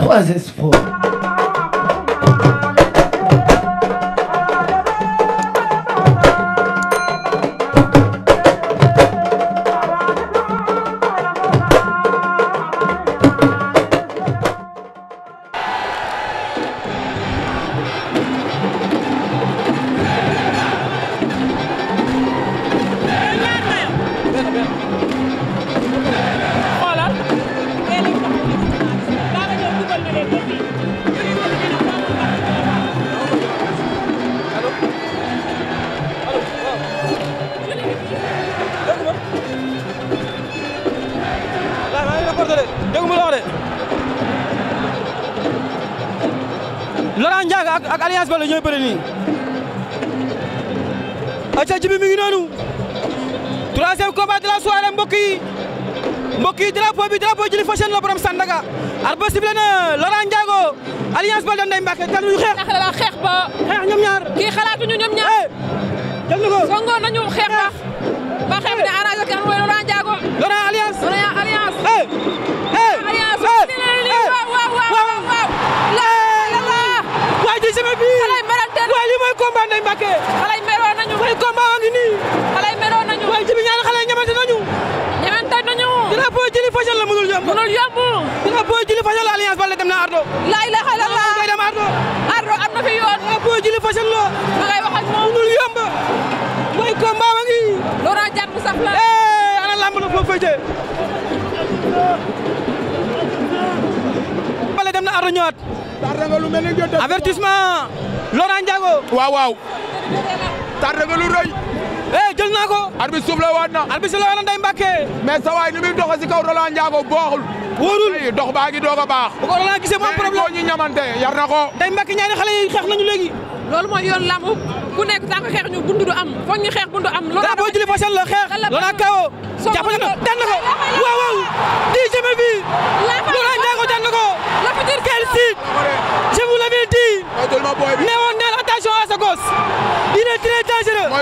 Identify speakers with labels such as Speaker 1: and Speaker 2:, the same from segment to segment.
Speaker 1: What was this for? Laurent Ndiaga ak ak Alliance Baldé ñooy bëri nii. ayca jibi mi ngi noonu. troisième combat de la soirée mbokk yi mbokk yi la borom Sandaga. arbitre sifflé na Laurent Ndiago Alliance Baldé Ndeye Mbacke kan ñu xeex. xeex ba. xeex ñoom ñaar. kii xalaatuñu ñoom ñaar. Eh, jël na ko songoo nañu xeex combat Ndeye Mbacké xale yi meroon nañu way combat waa ngi nii xale yi meroon nañu way jibi ñaari xale yi ñamante nañu ñamante nañu drapeau jëli fajal la mënul yomb mënul yomb drapeau jëli fajal la alliance Baldé dem na ardo la ilaha illallah ngay dem ardo ardo am na fi yoon drapeau jëli fajal la ma ngay wax ak moom mënul yomb way combat waa ngi loora jàpp sax la eh ana lamb la foofu fay jee Baldé dem na ardo ñëwaat avertissement Laurent Ndiago waaw waaw tardé nga lu rëy eh jël naa ko arbitre suuf la waat na arbitre suuf la waat na i mbàkke mais sa waay ni muy doxee si kaw Laurent Ndiago booxul wóorul dox baa ngi a baax bu ko Laurent a moom problème mais ñu ñamante yar na ko day mbàkke ñaari xale yi xeex nañu léegi loolu mooy yoon lamb ku nekk tant que xeex ñu buntu du am foog ñu xeex buntu am loolu boo jëlee façon la xeex Laurent kawo jàpp na ko daan na ko waaw waaw di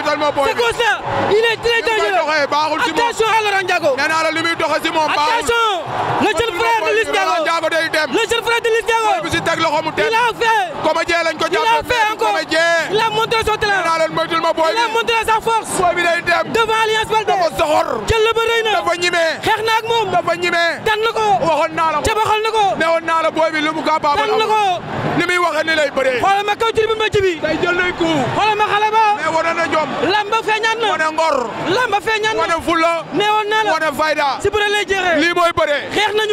Speaker 1: totalement booy bi c'est ça il est très dangereux baaxul si moom attention à Laurent Ndiago nee naa la li muy doxee si moom baaxul attention le jeune frère de Liss Ndiago le jeune frère de Liss Ndiago bi si teg loxo mu teg il a fait comme jee lañ ko jàpp il a fait encore il a montré son talent nee naa leen moytul ma booy bi il a montré sa force booy bi day dem devant soxor jël la na dafa ñimee xeex na ak moom dafa ñimee dan cas Baabal amul ni muy waxee ni lay bëree. xoolal ma kaw ci jibi. tey jël nañ ko. xoolal ma xale ba. mais wane na jom. lamba feeñaat na wane ngor. lamba feeñaat na wane fulla. neewoon naa la wane fayda. si bëre lay jeexee. lii mooy bëree. xeex na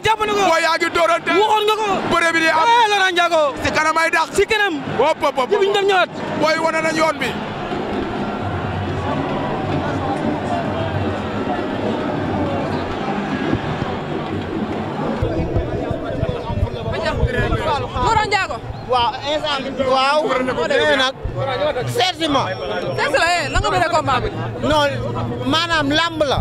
Speaker 1: ko. boo yaa ngi doorante. waxoon nga ko. bëre bi di am. waaw eh, Laurent Ndiago. si kanam ay dàq. si kanam. wóop wóop wóop jibi ñu dem ñëwaat. bi.
Speaker 2: waaw instant bi waaw. nee nag ma. seet si làmb la.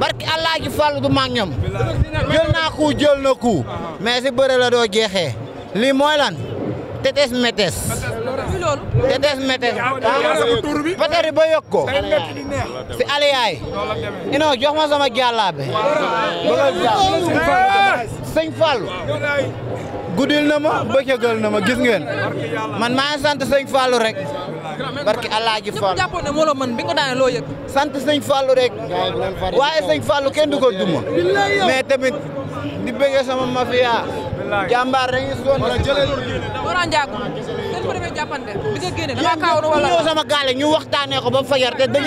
Speaker 2: barki allah ji fàllu du mag jël naa ku jël na ku. mais si doo jeexee. lii mooy lan. tetes metes. tetes metes. patari ba yokk ko. si aliyaay. non jox ma sama jàllaabe. sëñ Fallou. guddil na ma bëccëgal ma gis ngeen. man maa sant sëñ Fallou rek. barki Alaaji Fall jàppoon ne moo la mën bi ko sant sëñ Fallou rek. waaye sëñ Fallou kenn ko duma. mais tamit di bëggee sama mafia. jàmbaar rek ñu sonn. Mawla Ndiago. seen premier jàppante sama gaale ñu waxtaanee ko ba fajar te da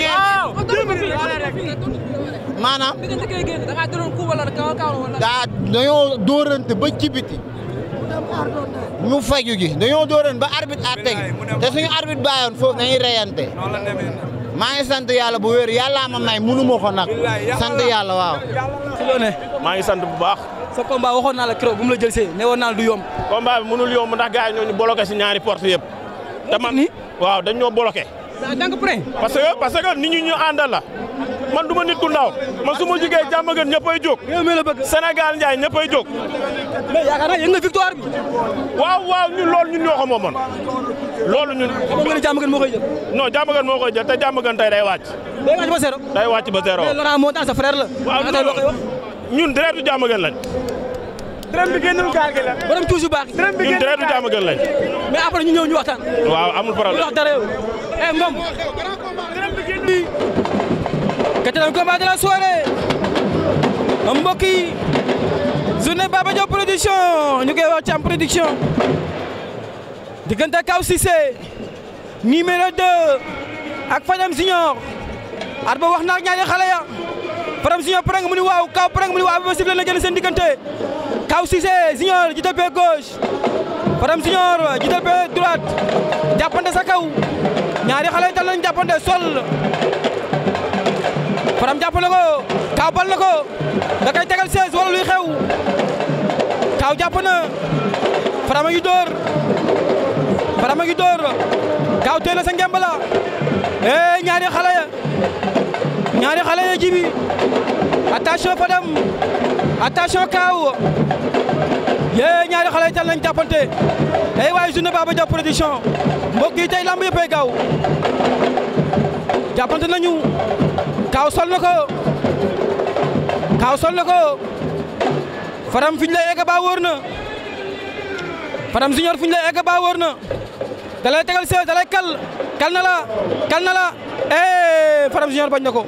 Speaker 2: maanaam. bi nga njëkkee daa dañoo dóorante ba ci ñu faju ji dañoo dóoroon ba arbitre àtte gi te suñu arbitre bàyyoon foofu dañuy reyante maa ngi sant yàlla bu wér yàllaa may munu ma ko nag waaw. maa ngi sant bu baax. sa combat waxoon naa
Speaker 1: la keroog bu mu la jël see ne woon du yomb. combat bi mënul yomb ndax gars yi si ñaari porte yëpp. dama ni waaw dañ ñoo bloqué. parce que parce que man du ma nit ku ndaw man su ma jugee jàmm gën ñëppay jóg. Sénégal Ndiaye ñëppay jóg. mais yaakaar naa yëg nga victoire bi. waaw waaw ñun loolu ñun ñoo ko moomoon loolu ñun. xam nga ne jàmm gën moo koy jël. non jàmm gën moo koy jël te jàmm gën tey day wàcc. ba zéro. day wàcc ba zéro. la. waaw ñun deretu jàmm gën lañ. dërëm bi génnul gaal gi la. borom toujours baax. dërëm bi génnul gaal gi ñun deretu jàmm gën ñu ñëw ñu waxtaan. waaw amul problème wax dara yow. Eh, quatrième combat de la soirée mbokk yi journée Baba ñu koy wax Thiam production diggante Kaw Cissé numéro 2 ak Fadam Junior at ba wax na ak ñaari xale ya Fadam Junior mu ni waaw Kaw pare mu ni waaw ba sifle na jël seen diggante Kaw Cissé Junior jiital pied gauche Fadam Junior jiital pied droite jàppante sa ñaari xale yi dal nañ sol Fadam jàpp na ko Kaaw bal ko da koy tegal 16 luy xew Kaaw jàpp na Fadam a ngi dóor Fadam a ngi dóor Kaaw téye sa ngemb la eh, ñaari xale ya ñaari xale ya jibi attention Fadam attention Kaaw yee ñaari xale yi tal nañ jàppante ay eh, waaye journée Baba Diaw production mbokk yi tey lamb yëppay gaaw jàppante nañu Kaaw sol na ko Kaaw sol na ko Fadam fi ñu na Fadam Junior fi ñu lay egg na da lay tegal sees kal kal na la kal na eh, bañ na ko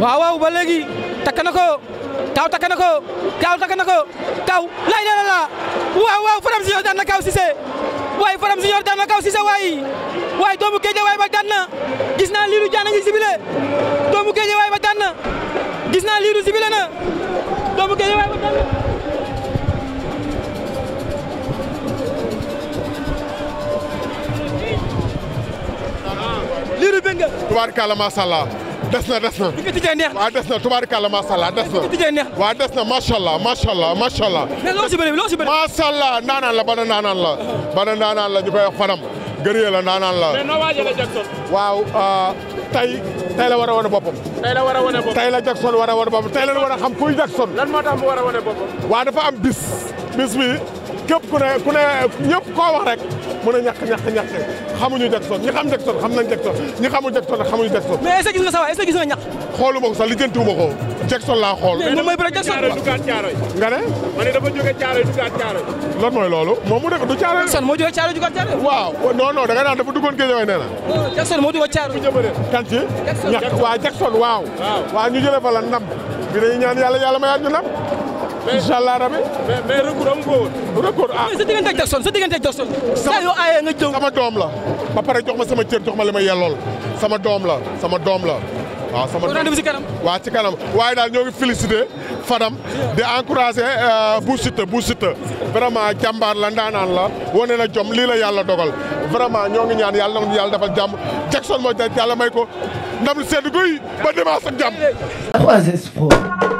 Speaker 1: waaw ba léegi takk na ko Kaaw takk na ko Kaaw takk lay la la waaw waaw Fadam Junior daan na Kaaw Cissé waaye Fadam Junior daan na kaw Cissé waaye waaye doomu Guédiawaye ba daan na gis naa Lirou Diane a ngi sibile doomu ba daan na gis naa Lirou sibile na doomu Guédiawaye ba daan na.
Speaker 3: Lirou Benga. tubaarkalla macha allah. des na des na bi nga tijjee neex na waaw des na tubaarikàlla macha allah bana ndaanaan la fanam gërëyee la ndaanaan la. mais noo waajalee Jackson. waaw euh, tey tey la war a wane boppam. tey la war a wane boppam tey la Jackson war a war a xam kuy Jackson. lan a wane dafa am bis bis bi. képp ku ne ku ne ñëpp koo wax rek mën a ñàkk ñàkk ñàkk xamuñu Jackson ñi xam Jackson xam nañ Jackson ñi xamul Jackson nag xamuñu nga sa waay est nga ñàkk. xoolu ma ko sax lijjanti wu ko Jackson laa xool. nga ne. ma mooy loolu moom mu def du Caaroy. Jackson moo jógee Caaroy waaw non non da nga naan dafa na. non Jackson moo duggoon Caaroy. ñu jëlee incha allah rabi mais mais
Speaker 1: recours amu ko woon. Ah. sa diggante ak Jackson sa diggante ak Jackson. saa yoo
Speaker 3: aayee nga jëw sama doom la ba pare jox ma sama cër jox ma li ma yellool sama doom la sama doom la.
Speaker 1: waaw sama doom ci kanam.
Speaker 3: waaw ci kanam waaye daal ñoo ngi félicité Fadam di encouragé euh, Bou Siteu Bou Siteu vraiment jàmbaar la ndaanaan la wane na jom lii la yàlla dogal vraiment ñoo ñaan yàlla na yàlla defal jàmm Jackson mooy yàlla may ko ndam sedd guy ba dimanche ak
Speaker 1: jàmm.